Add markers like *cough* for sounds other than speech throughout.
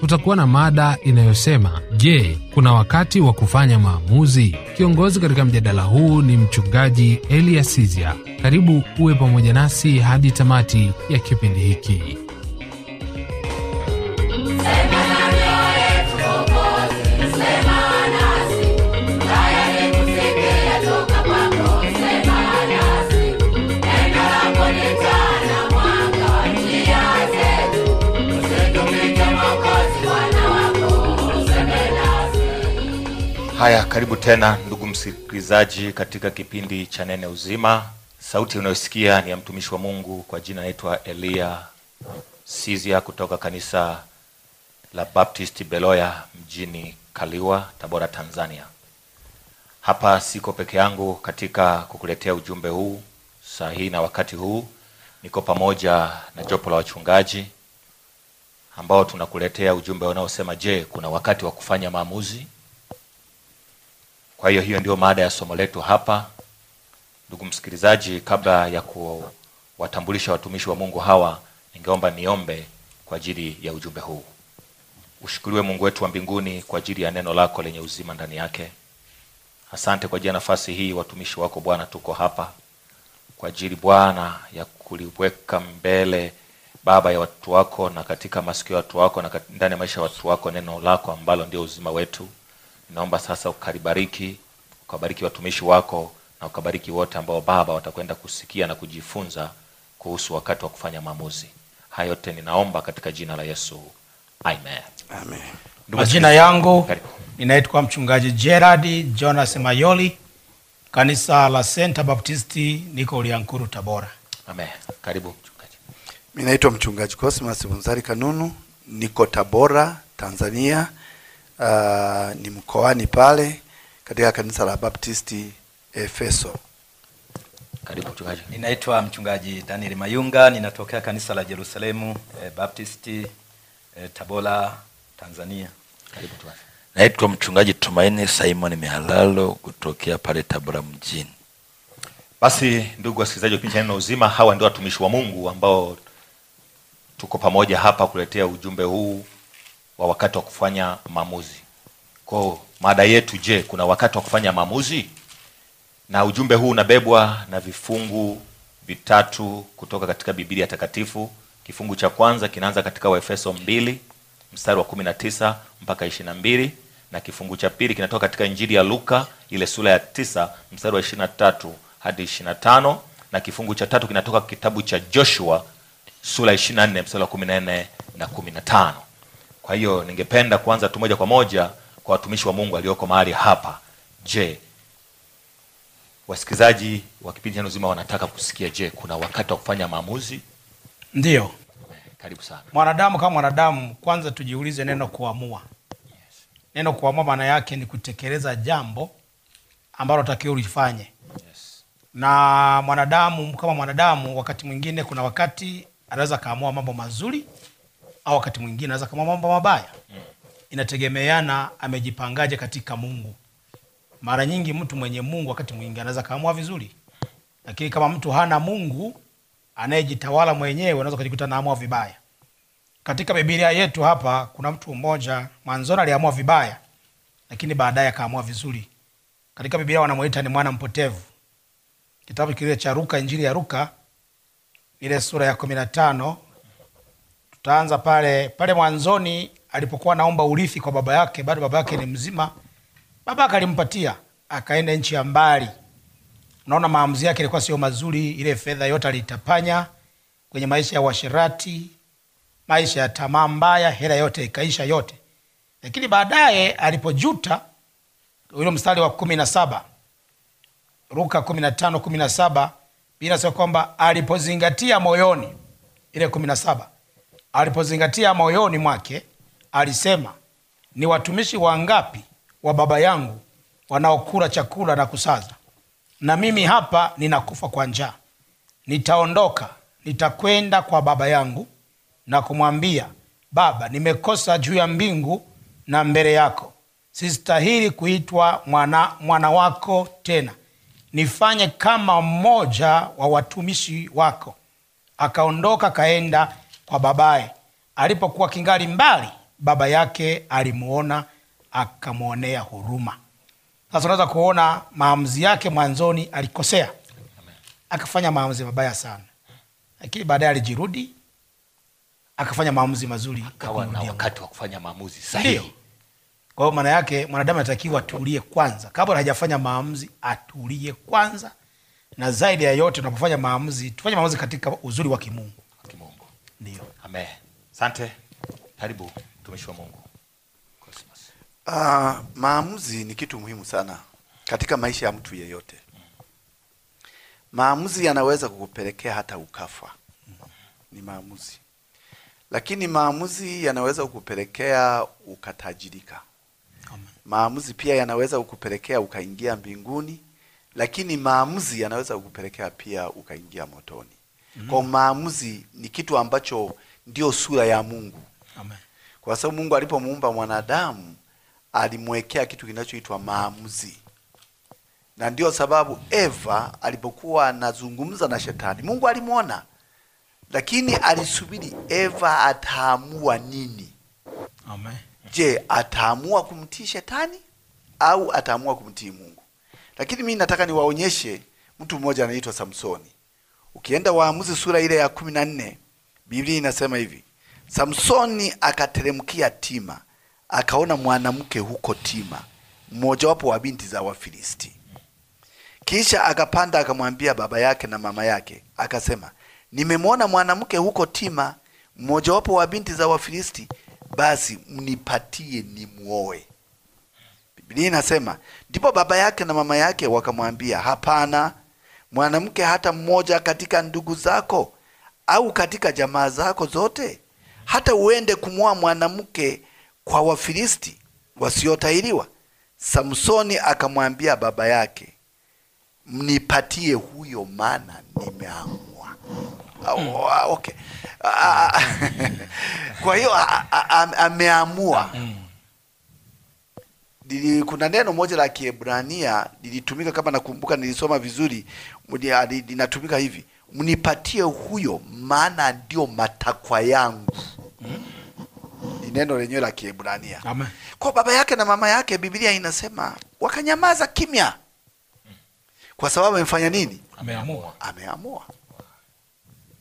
kutakuwa na mada inayosema je, kuna wakati wa kufanya maamuzi? Kiongozi katika mjadala huu ni mchungaji Eliasizia. Karibu uwe pamoja nasi hadi tamati ya kipindi hiki. Haya, karibu tena ndugu msikilizaji, katika kipindi cha Nene Uzima. Sauti unayosikia ni ya mtumishi wa Mungu, kwa jina naitwa Elia Sizia kutoka kanisa la Baptist Beloya mjini Kaliwa, Tabora, Tanzania. Hapa siko peke yangu katika kukuletea ujumbe huu saa hii na wakati huu, niko pamoja na jopo la wachungaji ambao tunakuletea ujumbe unaosema, je, kuna wakati wa kufanya maamuzi? Kwa hiyo hiyo ndio maada ya somo letu hapa. Ndugu msikilizaji, kabla ya kuwatambulisha watumishi wa Mungu hawa, ningeomba niombe kwa ajili ya ujumbe huu. Ushukuriwe Mungu wetu wa mbinguni kwa ajili ya neno lako lenye uzima ndani yake. Asante kwa ajili ya nafasi hii, watumishi wako Bwana, tuko hapa kwa ajili Bwana ya kuliweka mbele Baba ya watu wako na katika masikio ya watu wako na ndani ya maisha ya watu wako neno lako ambalo ndio uzima wetu Ninaomba sasa ukaribariki ukabariki watumishi wako na ukabariki wote ambao Baba watakwenda kusikia na kujifunza kuhusu wakati wa kufanya maamuzi. Hayo yote ninaomba katika jina la Yesu, amen, amen. Majina yangu ninaitwa mchungaji Gerard Jonas Mayoli, kanisa la center Baptisti, niko Uliankuru, Tabora. Amen. Karibu mchungaji. Mimi naitwa mchungaji Cosmas Bunzari Kanunu, niko Tabora, Tanzania uh, ni mkoani pale katika kanisa la Baptisti Efeso. Karibu mchungaji. Ninaitwa mchungaji Daniel Mayunga, ninatokea kanisa la Jerusalemu eh, Baptisti eh, Tabora, Tanzania. Karibu mchungaji. Naitwa mchungaji Tumaini Simon Mihalalo kutokea pale Tabora mjini. Basi ndugu wasikilizaji wa kipindi cha Neno Uzima, hawa ndio watumishi wa Mungu ambao tuko pamoja hapa kuletea ujumbe huu wa wakati wa kufanya maamuzi. Kwa mada yetu, je, kuna wakati wa kufanya maamuzi? Na ujumbe huu unabebwa na vifungu vitatu kutoka katika Biblia Takatifu. Kifungu cha kwanza kinaanza katika Waefeso mbili mstari wa 19 mpaka 22 na kifungu cha pili kinatoka katika Injili ya Luka ile sura ya tisa mstari wa tatu hadi 25 na kifungu cha tatu kinatoka kitabu cha Joshua sura ya 24 mstari wa 14 na 15. Kwa hiyo ningependa kuanza tu moja kwa moja kwa watumishi wa Mungu alioko mahali hapa. Je, wasikilizaji wa kipindi chenu zima wanataka kusikia, je, kuna wakati wa kufanya maamuzi? ndio eh, Karibu sana. Mwanadamu kama mwanadamu, kwanza tujiulize neno kuamua. Yes. Neno kuamua maana yake ni kutekeleza jambo ambalo takiwa ulifanye. Yes. Na mwanadamu kama mwanadamu, wakati mwingine, kuna wakati anaweza akaamua mambo mazuri au wakati mwingine naweza kama mambo mabaya. Inategemeana amejipangaje katika Mungu. Mara nyingi mtu mwenye Mungu wakati mwingi anaweza kaamua vizuri, lakini kama mtu hana Mungu anayejitawala mwenyewe, anaweza kajikuta naamua vibaya. Katika bibilia yetu hapa kuna mtu mmoja mwanzoni aliamua vibaya, lakini baadaye akaamua vizuri. Katika bibilia wanamwita ni mwana mpotevu. Kitabu kile cha ruka Injili ya ruka ile sura ya kumi na tano tutaanza pale pale mwanzoni alipokuwa naomba urithi kwa baba yake, bado baba yake ni mzima. Baba yake alimpatia, akaenda nchi ya mbali. naona maamuzi yake ilikuwa sio mazuri. Ile fedha yote alitapanya kwenye maisha ya washirati maisha ya tamaa mbaya, hela yote ikaisha yote. Lakini baadaye alipojuta, ule mstari wa kumi na saba ruka kumi na tano kumi na saba binasema kwamba alipozingatia moyoni, ile kumi na saba alipozingatia moyoni mwake alisema, ni watumishi wangapi wa baba yangu wanaokula chakula na kusaza, na mimi hapa ninakufa kwa njaa. Nitaondoka, nitakwenda kwa baba yangu na kumwambia, Baba, nimekosa juu ya mbingu na mbele yako, sistahili kuitwa mwana, mwana wako tena. Nifanye kama mmoja wa watumishi wako. Akaondoka kaenda kwa babaye. Alipokuwa kingali mbali, baba yake alimuona akamwonea huruma. Sasa unaweza kuona maamuzi yake, mwanzoni alikosea, akafanya maamuzi mabaya sana, lakini baadaye alijirudi akafanya maamuzi mazuri, akawa na wakati wa kufanya maamuzi sahihi. Kwa hiyo maana yake mwanadamu anatakiwa atulie kwanza, kabla hajafanya maamuzi atulie kwanza, na zaidi ya yote tunapofanya maamuzi tufanye maamuzi katika uzuri wa Kimungu. Ndio. Amen. Asante. Karibu mtumishi wa Mungu. Cosmas. Ah, maamuzi ni kitu muhimu sana katika maisha ya mtu yeyote. Maamuzi yanaweza kukupelekea hata ukafa. Ni maamuzi. Lakini maamuzi yanaweza kukupelekea ukatajirika. Maamuzi pia yanaweza kukupelekea ukaingia mbinguni, lakini maamuzi yanaweza kukupelekea pia ukaingia motoni. -hmm. Kwa maamuzi ni kitu ambacho ndio sura ya Mungu Amen. Kwa sababu Mungu alipomuumba mwanadamu alimwekea kitu kinachoitwa maamuzi, na ndio sababu Eva alipokuwa anazungumza na shetani, Mungu alimwona, lakini alisubiri Eva ataamua nini. Amen. Je, ataamua kumtii shetani au ataamua kumtii Mungu? Lakini mimi nataka niwaonyeshe mtu mmoja anaitwa Samsoni. Ukienda Waamuzi sura ile ya kumi na nne Biblia inasema hivi, Samsoni akateremkia Tima, akaona mwanamke huko Tima, mmojawapo wa binti za Wafilisti. Kisha akapanda akamwambia baba yake na mama yake, akasema, nimemwona mwanamke huko Tima, mmojawapo wa binti za Wafilisti, basi mnipatie nimwoe. Biblia inasema ndipo baba yake na mama yake wakamwambia, hapana mwanamke hata mmoja katika ndugu zako au katika jamaa zako zote? Hata uende kumwoa mwanamke kwa Wafilisti wasiotahiriwa? Samsoni akamwambia baba yake, mnipatie huyo, maana nimeamua. Ah, okay. Ah, ah, *laughs* kwa hiyo ameamua mm. Dili, kuna neno moja la Kiebrania lilitumika kama nakumbuka, nilisoma vizuri, linatumika hivi, mnipatie huyo, maana ndio matakwa yangu. Ni neno lenyewe la Kiebrania. Amen. Kwa baba yake na mama yake, Biblia inasema wakanyamaza kimya, kwa sababu amefanya nini? Ameamua, ameamua.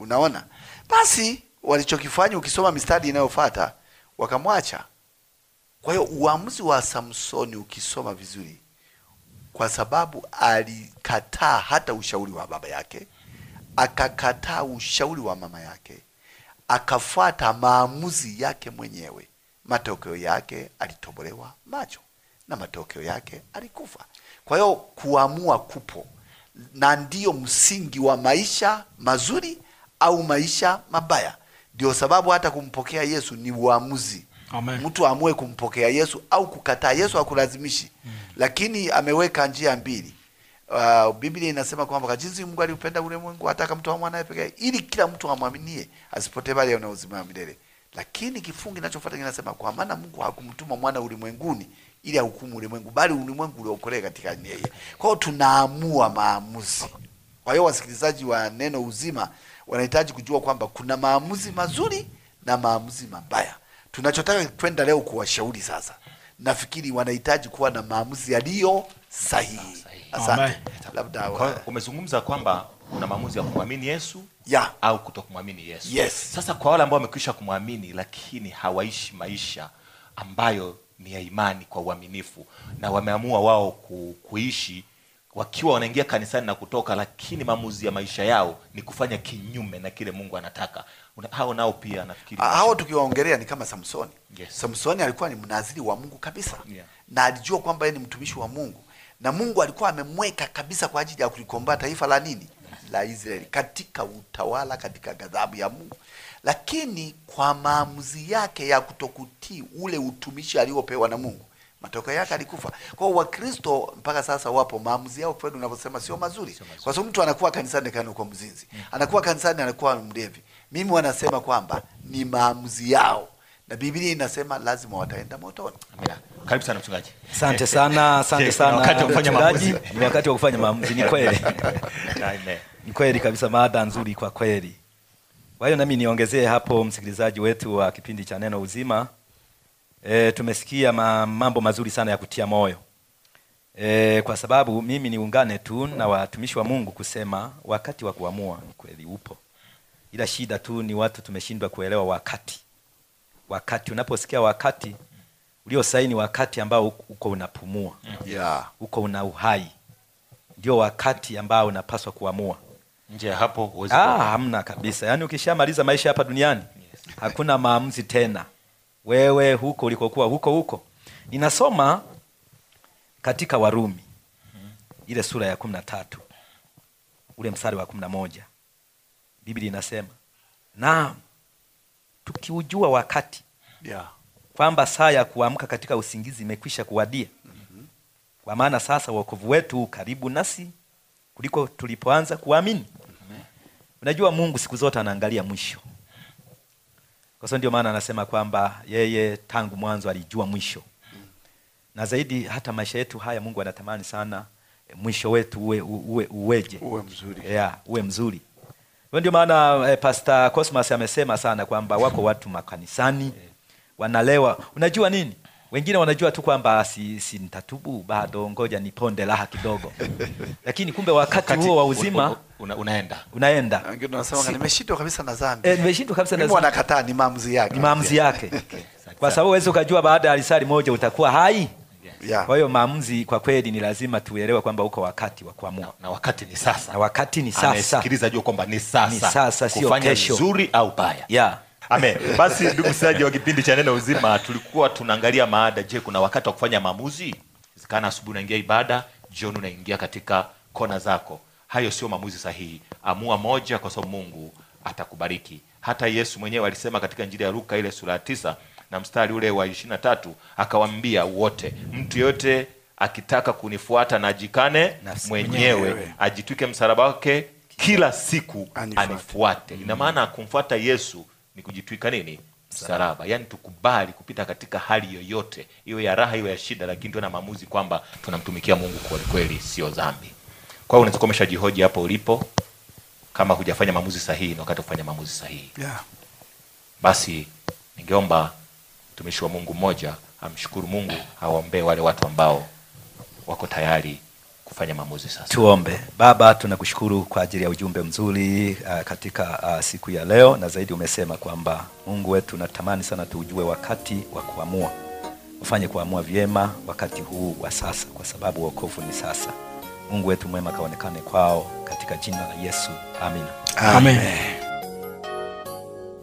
Unaona, basi walichokifanya, ukisoma mistari inayofuata, wakamwacha kwa hiyo uamuzi wa Samsoni ukisoma vizuri, kwa sababu alikataa hata ushauri wa baba yake, akakataa ushauri wa mama yake, akafuata maamuzi yake mwenyewe, matokeo yake alitobolewa macho na matokeo yake alikufa. Kwa hiyo kuamua kupo, na ndiyo msingi wa maisha mazuri au maisha mabaya. Ndio sababu hata kumpokea Yesu ni uamuzi Amen. Mtu amue kumpokea Yesu au kukataa Yesu, akulazimishi. mm. Lakini ameweka njia mbili. Uh, Biblia inasema kwamba kwa jinsi Mungu aliupenda ulimwengu hata akamtoa mwanawe pekee ili kila mtu amwaminie asipotee bali aone uzima wa milele. Lakini kifungu kinachofuata kinasema kwa maana Mungu hakumtuma mwana ulimwenguni ili ahukumu ulimwengu bali ulimwengu uliokolewe katika yeye. Kwa hiyo tunaamua maamuzi. Kwa hiyo wasikilizaji wa Neno Uzima wanahitaji kujua kwamba kuna maamuzi mazuri na maamuzi mabaya. Tunachotaka kwenda leo kuwashauri sasa, nafikiri wanahitaji kuwa na maamuzi yaliyo sahihi. Asante. Labda umezungumza kwamba kuna maamuzi ya kumwamini Yesu ya au kutokumwamini Yesu. Yes. Sasa kwa wale ambao wamekwisha kumwamini lakini hawaishi maisha ambayo ni ya imani kwa uaminifu na wameamua wao kuishi wakiwa wanaingia kanisani na kutoka, lakini maamuzi ya maisha yao ni kufanya kinyume na kile Mungu anataka. Hao nao pia nafikiri ah, hao tukiwaongelea ni kama Samsoni. Yes. Samsoni alikuwa ni mnaziri wa Mungu kabisa. Yeah. Na alijua kwamba ye ni mtumishi wa Mungu na Mungu alikuwa amemweka kabisa kwa ajili ya kulikomboa taifa la nini? La Israeli katika utawala, katika ghadhabu ya Mungu, lakini kwa maamuzi yake ya kutokutii ule utumishi aliopewa na Mungu matokeo yake alikufa. Kwa hiyo Wakristo mpaka sasa wapo, maamuzi yao kweli unavyosema sio mazuri, kwa sababu mtu anakuwa kanisani kana kwa mzinzi, anakuwa kanisani anakuwa mlevi. Mimi wanasema kwamba ni maamuzi yao na Biblia inasema lazima wataenda motoni. Amina. Karibu sana mchungaji. Asante sana, asante sana. Wakati wa kufanya maamuzi. Ni wakati wa kufanya maamuzi, ni kweli. *laughs* Ni kweli kabisa, mada nzuri kwa kweli. Kwa hiyo nami niongezee hapo msikilizaji wetu wa kipindi cha Neno Uzima e, tumesikia mambo mazuri sana ya kutia moyo e, kwa sababu mimi niungane tu na watumishi wa Mungu kusema wakati wa kuamua kweli upo, ila shida tu ni watu tumeshindwa kuelewa wakati. Wakati unaposikia wakati ulio saini, wakati ambao uko unapumua, yeah. uko una uhai, ndio wakati ambao unapaswa kuamua. Nje hapo ah, hamna kabisa. Yaani ukishamaliza maisha hapa duniani yes. hakuna maamuzi tena wewe huko ulikokuwa huko huko. Ninasoma katika Warumi ile sura ya kumi na tatu ule mstari wa kumi na moja Biblia inasema naam, tukiujua wakati yeah, kwamba saa ya kuamka katika usingizi imekwisha kuwadia mm-hmm. Kwa maana sasa wokovu wetu karibu nasi kuliko tulipoanza kuamini. Unajua, Mungu siku zote anaangalia mwisho. Kwa sababu ndio maana anasema kwamba yeye tangu mwanzo alijua mwisho, na zaidi hata maisha yetu haya Mungu anatamani sana eh, mwisho wetu uwe, uwe, uweje? Uwe mzuri, yeah, uwe mzuri. Ndio maana eh, Pastor Cosmas amesema sana kwamba wako watu makanisani eh. wanalewa, unajua nini wengine wanajua tu kwamba si, si nitatubu bado, ngoja niponde raha kidogo *laughs* lakini kumbe wakati huo wa uzima una, unaenda unaenda, ah, nimeshindwa kabisa na dhambi eh, ni maamuzi yake, ni maamuzi yake *laughs* okay. Kwa sababu uweze ukajua baada ya risali moja utakuwa hai yeah. Kwa hiyo maamuzi kwa kweli ni lazima tuelewe kwamba uko wakati wa kuamua na, na wakati ni sasa, na wakati ni sasa. Anasikiliza jua kwamba ni sasa, ni sasa, sio kesho, kufanya nzuri au baya yeah. Amen. Basi ndugu msikilizaji wa kipindi cha Neno Uzima, tulikuwa tunaangalia maada. Je, kuna wakati wa kufanya maamuzi? Zikana asubuhi unaingia ibada, jioni unaingia katika kona zako. Hayo sio maamuzi sahihi. Amua moja, kwa sababu Mungu atakubariki. Hata Yesu mwenyewe alisema katika Injili ya Luka ile sura ya tisa na mstari ule wa ishirini na tatu akawaambia wote, mtu yeyote akitaka kunifuata na ajikane mwenyewe, mwenyewe, ajitwike msalaba wake kila siku anifuate. Ina maana kumfuata Yesu ni kujitwika nini msalaba, yaani tukubali kupita katika hali yoyote, iwe ya raha, iwe ya shida, lakini tuwe na maamuzi kwamba tunamtumikia Mungu kwelikweli kweli, sio dhambi. Kwa hiyo unaweza umeshajihoji hapo ulipo, kama hujafanya maamuzi sahihi, na wakati kufanya maamuzi sahihi yeah. Basi ningeomba mtumishi wa Mungu mmoja amshukuru Mungu, awaombee wale watu ambao wako tayari kufanya maamuzi sasa. Tuombe. Baba, tunakushukuru kwa ajili ya ujumbe mzuri uh, katika uh, siku ya leo, na zaidi umesema kwamba Mungu wetu, natamani sana tuujue wakati wa kuamua, ufanye kuamua vyema wakati huu wa sasa, kwa sababu wokovu ni sasa. Mungu wetu mwema, kaonekane kwao katika jina la Yesu, amina, amen, amen.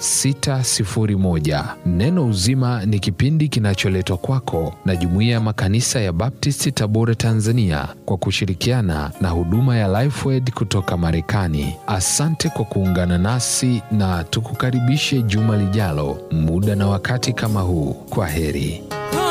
601. Neno Uzima ni kipindi kinacholetwa kwako na Jumuiya ya Makanisa ya Baptisti Tabora, Tanzania, kwa kushirikiana na huduma ya Lifewed kutoka Marekani. Asante kwa kuungana nasi na tukukaribishe juma lijalo, muda na wakati kama huu. Kwa heri.